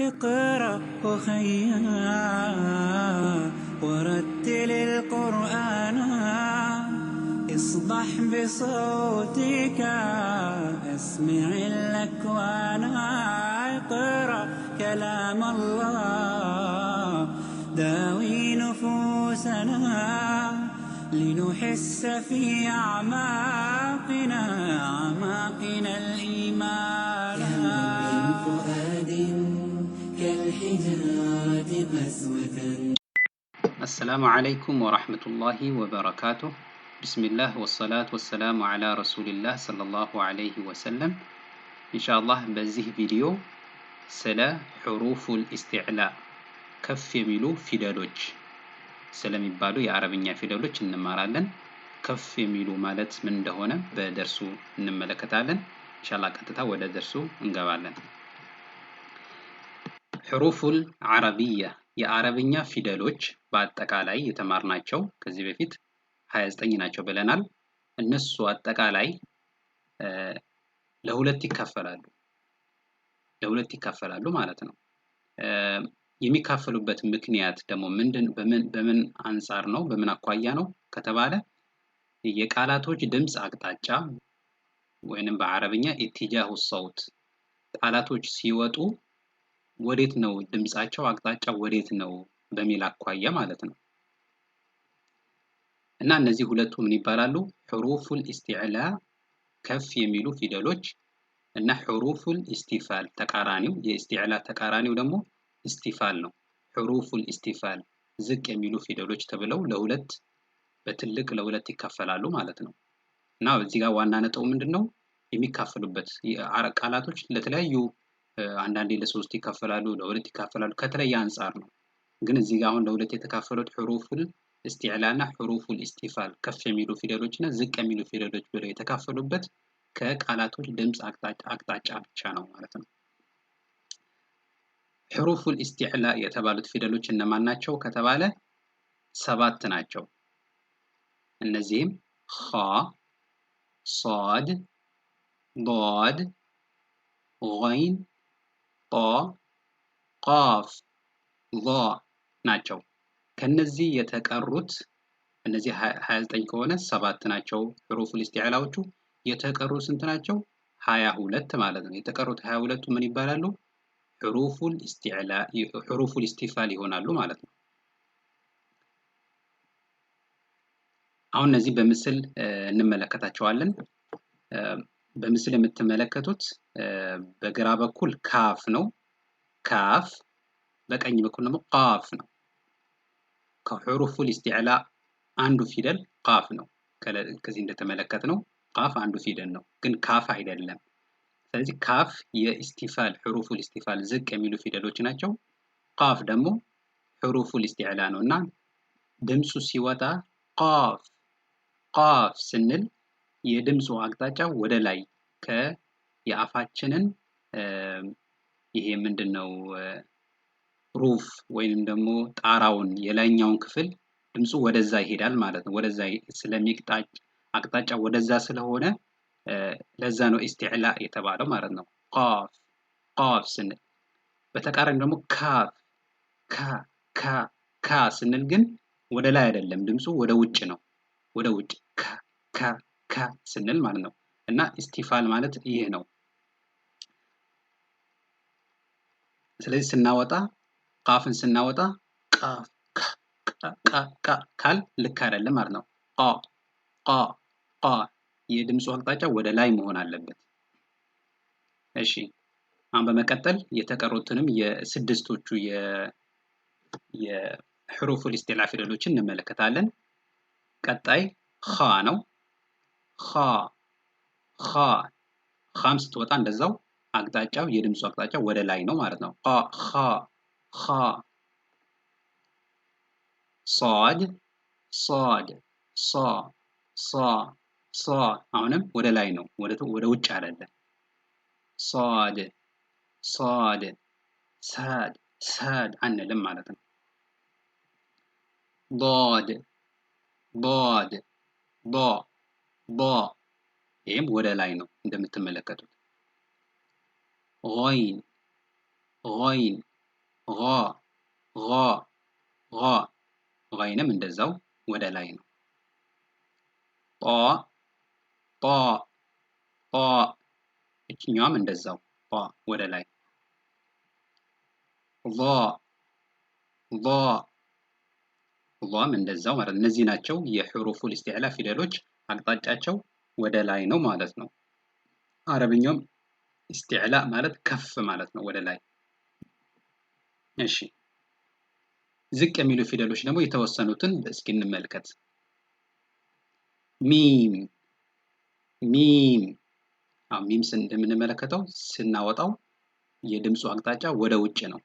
اقرأ وخيا ورتل القرآن اصبح بصوتك اسمع الأكوان اقرأ كلام الله داوي نفوسنا لنحس في أعماقنا أعماقنا الإيمان السلام عليكم ورحمة الله وبركاته بسم الله والصلاة والسلام على رسول الله صلى الله عليه وسلم إن شاء الله بزه فيديو سلا حروف الاستعلاء كف يميلو في دلوج سلام يبالو يا عربي نيا في دلوج إنما رالن كف يميلو مالت من دهونا بدرسو إنما لكتالن إن شاء الله كتتا ولا درسو حروف العربية የአረብኛ ፊደሎች በአጠቃላይ የተማርናቸው ከዚህ በፊት 29 ናቸው ብለናል። እነሱ አጠቃላይ ለሁለት ይካፈላሉ ለሁለት ይካፈላሉ ማለት ነው። የሚካፈሉበት ምክንያት ደግሞ ምንድን በምን አንጻር ነው በምን አኳያ ነው ከተባለ የቃላቶች ድምፅ አቅጣጫ ወይንም በአረብኛ ኢትጃሁ ሰውት ቃላቶች ሲወጡ ወዴት ነው ድምፃቸው አቅጣጫ ወዴት ነው በሚል አኳያ ማለት ነው። እና እነዚህ ሁለቱ ምን ይባላሉ? ሑሩፉል ኢስቲዕላ ከፍ የሚሉ ፊደሎች እና ሑሩፉል ኢስቲፋል ተቃራኒው፣ የኢስቲዕላ ተቃራኒው ደግሞ ኢስቲፋል ነው። ሑሩፉል ኢስቲፋል ዝቅ የሚሉ ፊደሎች ተብለው ለሁለት በትልቅ ለሁለት ይካፈላሉ ማለት ነው። እና እዚህ ጋር ዋና ነጥቡ ምንድን ነው? የሚካፈሉበት ቃላቶች ለተለያዩ አንዳንዴ ለሶስት ይካፈላሉ፣ ለሁለት ይካፈላሉ። ከተለየ አንጻር ነው። ግን እዚህ ጋር አሁን ለሁለት የተካፈሉት ሕሩፉል እስቲዕላ እና ሕሩፉል እስቲፋል ከፍ የሚሉ ፊደሎች እና ዝቅ የሚሉ ፊደሎች ብለው የተካፈሉበት ከቃላቶች ድምፅ አቅጣጫ ብቻ ነው ማለት ነው። ሕሩፉል እስቲዕላ የተባሉት ፊደሎች እነማን ናቸው ከተባለ ሰባት ናቸው። እነዚህም ሀ ሷድ፣ ዷድ፣ ገይን ኦ ኦፍ ሎ ናቸው። ከነዚህ የተቀሩት እነዚህ 29 ከሆነ ሰባት ናቸው ሑሩፉል ኢስቲዕላዎቹ። የተቀሩት ስንት ናቸው? 22 ማለት ነው። የተቀሩት 22ቱ ምን ይባላሉ? ሑሩፉል ኢስቲዕላ ሑሩፉል ኢስቲፋል ይሆናሉ ማለት ነው። አሁን እነዚህ በምስል እንመለከታቸዋለን። በምስል የምትመለከቱት በግራ በኩል ካፍ ነው። ካፍ በቀኝ በኩል ደግሞ ቃፍ ነው። ከሑሩፉ ኢስቲዕላ አንዱ ፊደል ቃፍ ነው። ከዚህ እንደተመለከት ነው ቃፍ አንዱ ፊደል ነው፣ ግን ካፍ አይደለም። ስለዚህ ካፍ የኢስቲፋል ሑሩፉ ኢስቲፋል ዝቅ የሚሉ ፊደሎች ናቸው። ቃፍ ደግሞ ሑሩፉ ኢስቲዕላ ነው እና ድምፁ ሲወጣ ቃፍ ቃፍ ስንል የድምፁ አቅጣጫ ወደ ላይ ከ የአፋችንን ይሄ ምንድን ነው ሩፍ ወይንም ደግሞ ጣራውን የላይኛውን ክፍል ድምፁ ወደዛ ይሄዳል ማለት ነው። ወደዛ ስለሚቅጣጭ አቅጣጫ ወደዛ ስለሆነ ለዛ ነው ኢስቲዕላ የተባለው ማለት ነው። ቃፍ ቃፍ ስንል በተቃራኒ ደግሞ ካፍ ካ ካ ካ ስንል ግን ወደ ላይ አይደለም ድምፁ ወደ ውጭ ነው። ወደ ውጭ ካ ካ ከ ስንል ማለት ነው እና ኢስቲፋል ማለት ይህ ነው። ስለዚህ ስናወጣ ቃፍን ስናወጣ ቃል ልክ አይደለም ማለት ነው። የድምፁ አቅጣጫ ወደ ላይ መሆን አለበት። እሺ አሁን በመቀጠል የተቀሩትንም የስድስቶቹ የሕሩፉል ኢስጢላ ፊደሎችን እንመለከታለን። ቀጣይ ኻ ነው። ኻ ኻ ኻም ስትወጣ እንደዛው አቅጣጫው የድምፁ አቅጣጫ ወደ ላይ ነው ማለት ነው። ኻ ኻ ኻ ሷድ ሷድ ሷ ሷ አሁንም ወደ ላይ ነው፣ ወደ ውጭ አይደለም። ሷድ ሷድ ሳድ ሳድ አንልም ማለት ነው። ዷድ ዷድ ዷ ቦ ይህም ወደ ላይ ነው እንደምትመለከቱት። ሮይን ሮይን ሮ ሮ ሮ ሮይንም እንደዛው ወደ ላይ ነው። ጦ ጦ ጦ እችኛዋም እንደዛው ጦ ወደ ላይ ሎ ሎ ሎም እንደዛው ማለት እነዚህ ናቸው የሕሩፉል ኢስቲዕላ ፊደሎች። አቅጣጫቸው ወደ ላይ ነው ማለት ነው። አረብኛውም እስቲዕላ ማለት ከፍ ማለት ነው፣ ወደ ላይ። እሺ ዝቅ የሚሉ ፊደሎች ደግሞ የተወሰኑትን እስኪ እንመልከት። ሚም ሚም ሚም እንደምንመለከተው ስናወጣው የድምፁ አቅጣጫ ወደ ውጭ ነው።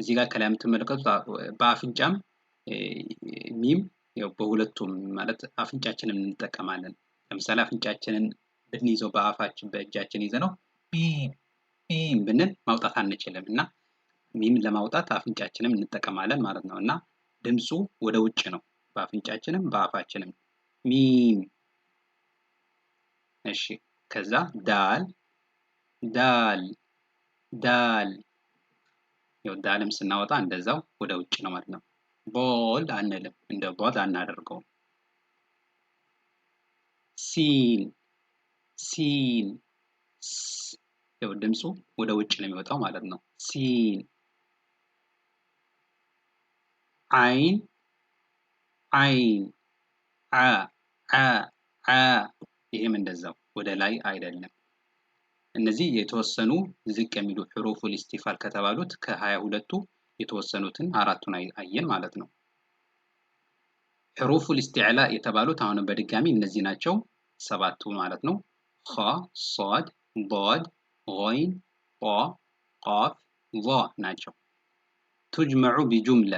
እዚህ ጋር ከላይ የምትመለከቱት በአፍንጫም ሚም ያው በሁለቱም ማለት አፍንጫችንን እንጠቀማለን። ለምሳሌ አፍንጫችንን ብንይዘው በአፋችን በእጃችን ይዘ ነው ሚም ብንል ማውጣት አንችልም እና ሚም ለማውጣት አፍንጫችንም እንጠቀማለን ማለት ነው እና ድምፁ ወደ ውጭ ነው በአፍንጫችንም በአፋችንም ሚም። እሺ ከዛ ዳል ዳል ዳል ያው ዳልም ስናወጣ እንደዛው ወደ ውጭ ነው ማለት ነው። ቦል አንልም፣ እንደ ቦል አናደርገውም። ሲን ሲን ያው ድምፁ ወደ ውጭ ነው የሚወጣው ማለት ነው። ሲን አይን አይን አ አ አ ይሄም እንደዛው ወደ ላይ አይደለም። እነዚህ የተወሰኑ ዝቅ የሚሉ ሑሩፉል ኢስቲፋል ከተባሉት ከሀያ ሁለቱ የተወሰኑትን አራቱን አየን ማለት ነው። ሕሩፍ ልስትዕላ የተባሉት አሁን በድጋሚ እነዚህ ናቸው፣ ሰባቱ ማለት ነው። ኸ፣ ሶድ፣ ዶድ፣ ይን፣ ቆ፣ ቆፍ፣ ዞ ናቸው። ቱጅመዑ ቢጁምላ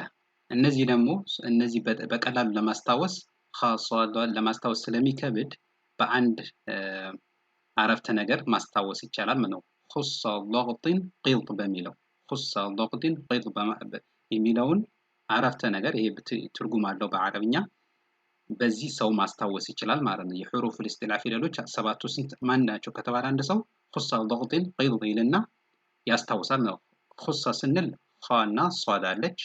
እነዚህ ደግሞ እነዚህ በቀላሉ ለማስታወስ ኸ፣ ለማስታወስ ስለሚከብድ በአንድ አረፍተ ነገር ማስታወስ ይቻላል። ምነው ሁሰ ሎቅጢን ቅልጥ በሚለው ፉሳ ዶቅዲን ቀይድ የሚለውን አረፍተ ነገር ይሄ ትርጉም አለው በአረብኛ። በዚህ ሰው ማስታወስ ይችላል ማለት ነው። የሑሩፍ ልስጢላ ፊደሎች ሰባቱ ስንት ማን ናቸው ከተባለ አንድ ሰው ኩሳ ዶቅዲን ቀይድ ይልና ያስታውሳል ነው። ኩሳ ስንል እና ሷድ አለች።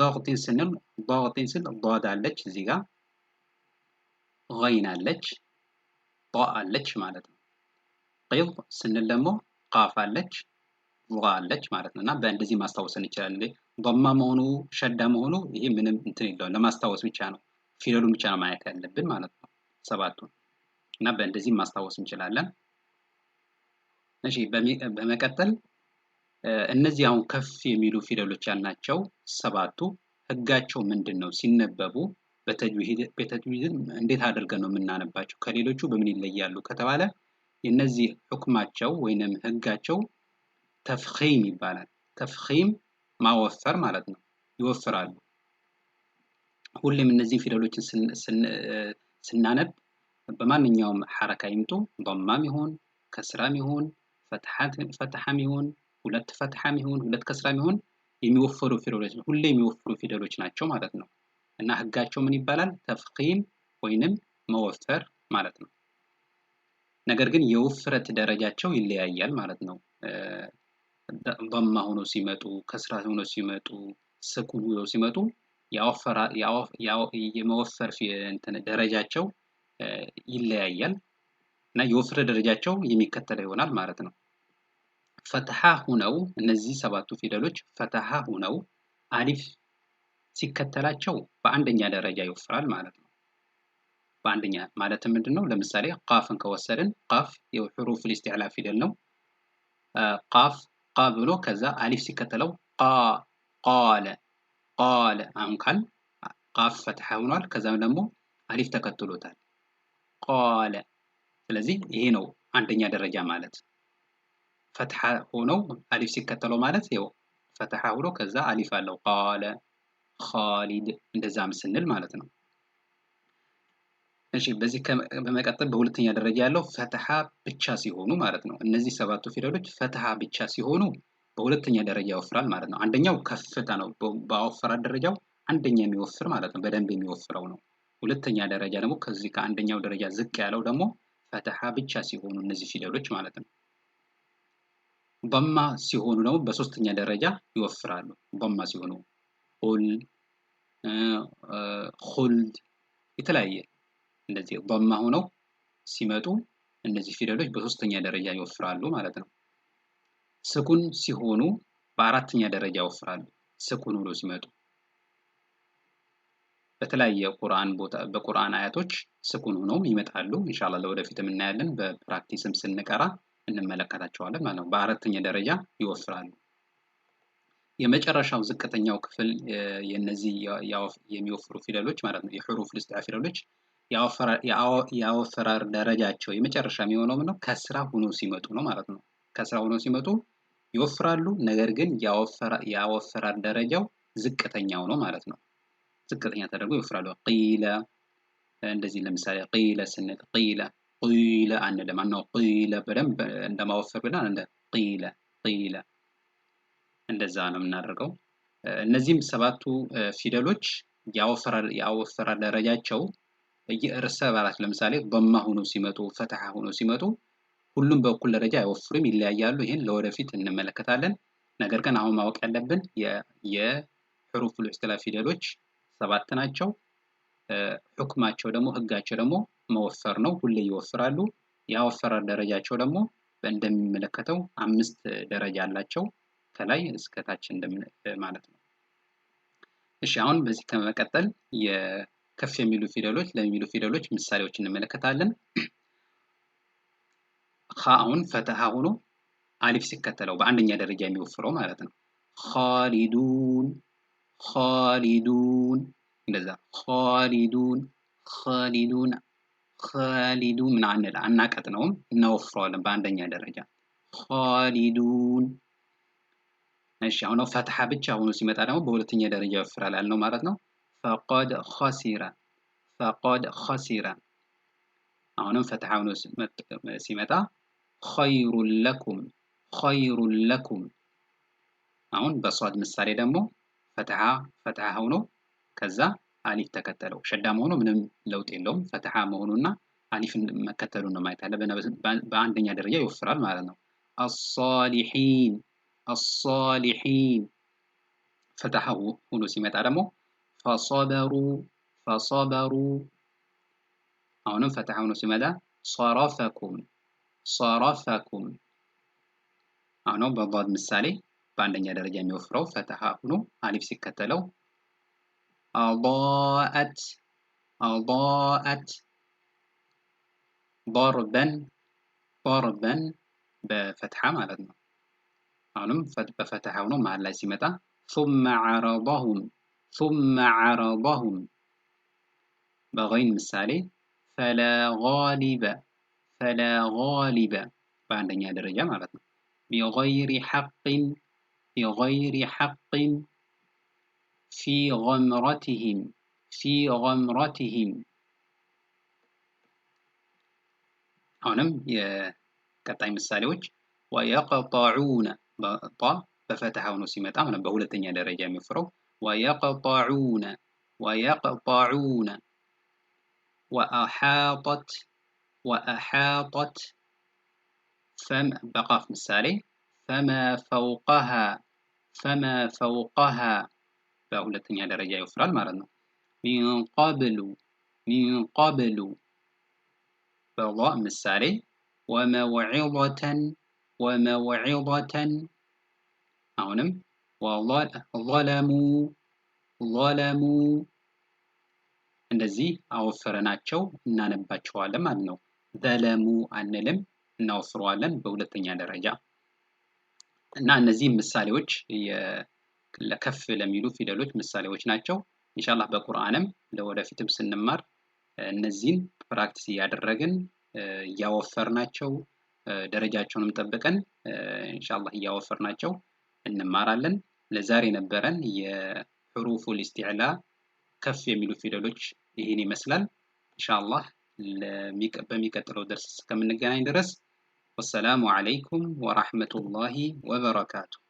ዶቅዲን ስንል ዶቅጢን ስል ዷድ አለች እዚህ ጋ ይን አለች ጧ ማለት ነው። ቀይድ ስንል ደግሞ ቃፍ አለች ውቃለች አለች ማለት ነው እና በእንደዚህ ማስታወስ እንችላለን። በማ መሆኑ ሸዳ መሆኑ ይሄ ምንም እንትን የለውም። ለማስታወስ ብቻ ነው፣ ፊደሉን ብቻ ነው ማየት ያለብን ማለት ነው ሰባቱን እና በእንደዚህ ማስታወስ እንችላለን። እሺ በመቀጠል እነዚህ አሁን ከፍ የሚሉ ፊደሎች ያልናቸው ሰባቱ ህጋቸው ምንድን ነው? ሲነበቡ በተጅዊድ እንዴት አድርገን ነው የምናነባቸው? ከሌሎቹ በምን ይለያሉ ከተባለ የእነዚህ ህኩማቸው ወይንም ህጋቸው ተፍኺም ይባላል። ተፍኺም ማወፈር ማለት ነው። ይወፍራሉ። ሁሌም እነዚህን ፊደሎችን ስናነብ በማንኛውም ሐረካ ይምጡ ዶማም ይሁን ከስራም ይሁን ፈትሐም ይሁን ሁለት ፈትሐም ይሁን ሁለት ከስራም ይሁን የሚወፈሩ ፊደሎች ሁሌ የሚወፍሩ ፊደሎች ናቸው ማለት ነው እና ህጋቸው ምን ይባላል? ተፍኺም ወይንም መወፈር ማለት ነው። ነገር ግን የውፍረት ደረጃቸው ይለያያል ማለት ነው። በማ ሆኖ ሲመጡ ከስራ ሆኖ ሲመጡ ስኩን ሆኖ ሲመጡ የመወፈር ደረጃቸው ይለያያል እና የወፍረ ደረጃቸው የሚከተለው ይሆናል ማለት ነው። ፈትሐ ሁነው እነዚህ ሰባቱ ፊደሎች ፈትሐ ሁነው አሊፍ ሲከተላቸው በአንደኛ ደረጃ ይወፍራል ማለት ነው። በአንደኛ ማለት ምንድን ነው? ለምሳሌ ቃፍን ከወሰድን ቃፍ የሑሩፍ ልኢስቲዕላ ፊደል ነው። ቃፍ ቃ ብሎ ከዛ አሊፍ ሲከተለው ቃ ቃለ ቃለ አሁን ካል ቃፍ ፈትሐ ሆኗል። ከዛም ደግሞ አሊፍ ተከትሎታል ቃለ። ስለዚህ ይሄ ነው አንደኛ ደረጃ ማለት ፈትሐ ሆነው አሊፍ ሲከተለው ማለት ይኸው ፈትሐ ሆኖ ከዛ አሊፍ አለው ቃለ ኻሊድ እንደዛም ስንል ማለት ነው። እሺ በዚህ በመቀጠል በሁለተኛ ደረጃ ያለው ፈትሃ ብቻ ሲሆኑ ማለት ነው። እነዚህ ሰባቱ ፊደሎች ፈትሃ ብቻ ሲሆኑ በሁለተኛ ደረጃ ይወፍራል ማለት ነው። አንደኛው ከፍታ ነው። በአወፈራት ደረጃው አንደኛ የሚወፍር ማለት ነው። በደንብ የሚወፍረው ነው። ሁለተኛ ደረጃ ደግሞ ከዚህ ከአንደኛው ደረጃ ዝቅ ያለው ደግሞ ፈትሃ ብቻ ሲሆኑ እነዚህ ፊደሎች ማለት ነው። በማ ሲሆኑ ደግሞ በሶስተኛ ደረጃ ይወፍራሉ። በማ ሲሆኑ ሆል ሁልድ የተለያየ እንደዚህ በማ ሆነው ሲመጡ እነዚህ ፊደሎች በሶስተኛ ደረጃ ይወፍራሉ ማለት ነው። ስኩን ሲሆኑ በአራተኛ ደረጃ ይወፍራሉ። ስኩን ብሎ ሲመጡ በተለያየ ቁርአን ቦታ በቁርአን አያቶች ስኩን ሆነውም ይመጣሉ። ኢንሻአላህ ለወደፊትም እናያለን። በፕራክቲስም ስንቀራ እንመለከታቸዋለን ማለት ነው። በአራተኛ ደረጃ ይወፍራሉ። የመጨረሻው ዝቅተኛው ክፍል የነዚህ የሚወፍሩ ፊደሎች ማለት ነው የሑሩፍ ልስጣ ፊደሎች የአወፈራር ደረጃቸው የመጨረሻ የሚሆነው ምነው ከስራ ሆኖ ሲመጡ ነው ማለት ነው። ከስራ ሆኖ ሲመጡ ይወፍራሉ፣ ነገር ግን የአወፈራር ደረጃው ዝቅተኛው ነው ማለት ነው። ዝቅተኛ ተደርጎ ይወፍራሉ። ቂለ እንደዚህ ለምሳሌ ቂለ ስንል ቂለ ቂለ አንልም። አናው ቂለ በደንብ እንደማወፈር ብለን እንደ ቂለ ቂለ እንደዛ ነው የምናደርገው። እነዚህም ሰባቱ ፊደሎች የአወፈራር ደረጃቸው ርዕሰ አባላት ለምሳሌ በማ ሆነው ሲመጡ ፈትሐ ሆነው ሲመጡ ሁሉም በእኩል ደረጃ አይወፍሩም፣ ይለያያሉ። ይህን ለወደፊት እንመለከታለን። ነገር ግን አሁን ማወቅ ያለብን የሕሩፍ ልዕስትላ ፊደሎች ሰባት ናቸው። ሑክማቸው ደግሞ ህጋቸው ደግሞ መወፈር ነው። ሁሌ ይወፍራሉ። ያወፈራር ደረጃቸው ደግሞ እንደሚመለከተው አምስት ደረጃ አላቸው ከላይ እስከታች ማለት ነው። እሺ አሁን በዚህ ከመቀጠል ከፍ የሚሉ ፊደሎች ለሚሉ ፊደሎች ምሳሌዎች እንመለከታለን። አሁን ፈተሃ ሆኖ አሊፍ ሲከተለው በአንደኛ ደረጃ የሚወፍረው ማለት ነው። ኻሊዱን ኻሊዱን እንደዛ ኻሊዱን ኻሊዱን ኻሊዱ ምን አንል ነውም እናወፍረዋለን በአንደኛ ደረጃ ኻሊዱን። እሺ አሁን ብቻ ሆኖ ሲመጣ ደግሞ በሁለተኛ ደረጃ ይወፍራል ያልነው ማለት ነው። ፈቆድ ኸሲረ ፈቆድ ኸሲረ አሁንም ፈትሐ ሆኖ ሲመጣ ኸይሩን ለኩም ኸይሩን ለኩም አሁን በሷድ ምሳሌ ደግሞ ፈትሐ ፈትሐ ሆኖ ከዛ አሊፍ ተከተለው ሸዳ መሆኑ ምንም ለውጥ የለውም ፈትሐ መሆኑና አሊፍን መከተሉ ነው ማየት ያለ በአንደኛ ደረጃ ይወፍራል ማለት ነው አሳሊሒን አሳሊሒን ፈትሐ ሆኖ ሲመጣ ደግሞ فصبروا فصبروا عون فتح عون سمدا صرفكم صرفكم عون بضاد مثالي بعد ان يدرج ان يفرو فتح عون الف سكتلو أضاءت أضاءت ضربا ضربا بفتحة مالتنا علم بفتحة ونو مع اللاسمة ثم عرضهم ثم عرضهم بغين مثالي فلا غالب فلا غالب بعدين درجة معناتنا بغير حق بغير حق في غمرتهم في غمرتهم هونم كتاي مثاليوش ويقطعون بفتحة ونسيمة أمنا بهولة درجة مفرو ويقطعون ويقطعون وأحاطت وأحاطت فما بقى في مثالي فما فوقها فما فوقها فهولتني على رجاء أخرى المرن من قبل من قبل فضاء مثالي وموعظة وموعظة أعلم ወለሙ ወለሙ እንደዚህ አወፈረናቸው እናነባቸዋለን ማለት ነው። ዘለሙ አንልም እናወፍረዋለን በሁለተኛ ደረጃ እና እነዚህ ምሳሌዎች ለከፍ ለሚሉ ፊደሎች ምሳሌዎች ናቸው። ኢንሻላህ በቁርአንም ለወደፊትም ስንማር እነዚህን ፕራክቲስ እያደረግን እያወፈርናቸው ደረጃቸውንም ጠብቀን ኢንሻላህ እያወፈርናቸው እንማራለን። لزاري نبرن هي حروف الاستعلاء كف يميلو في دلوج يهيني مثلا إن شاء الله لميك بميك ترو درس كم نجاني درس والسلام عليكم ورحمة الله وبركاته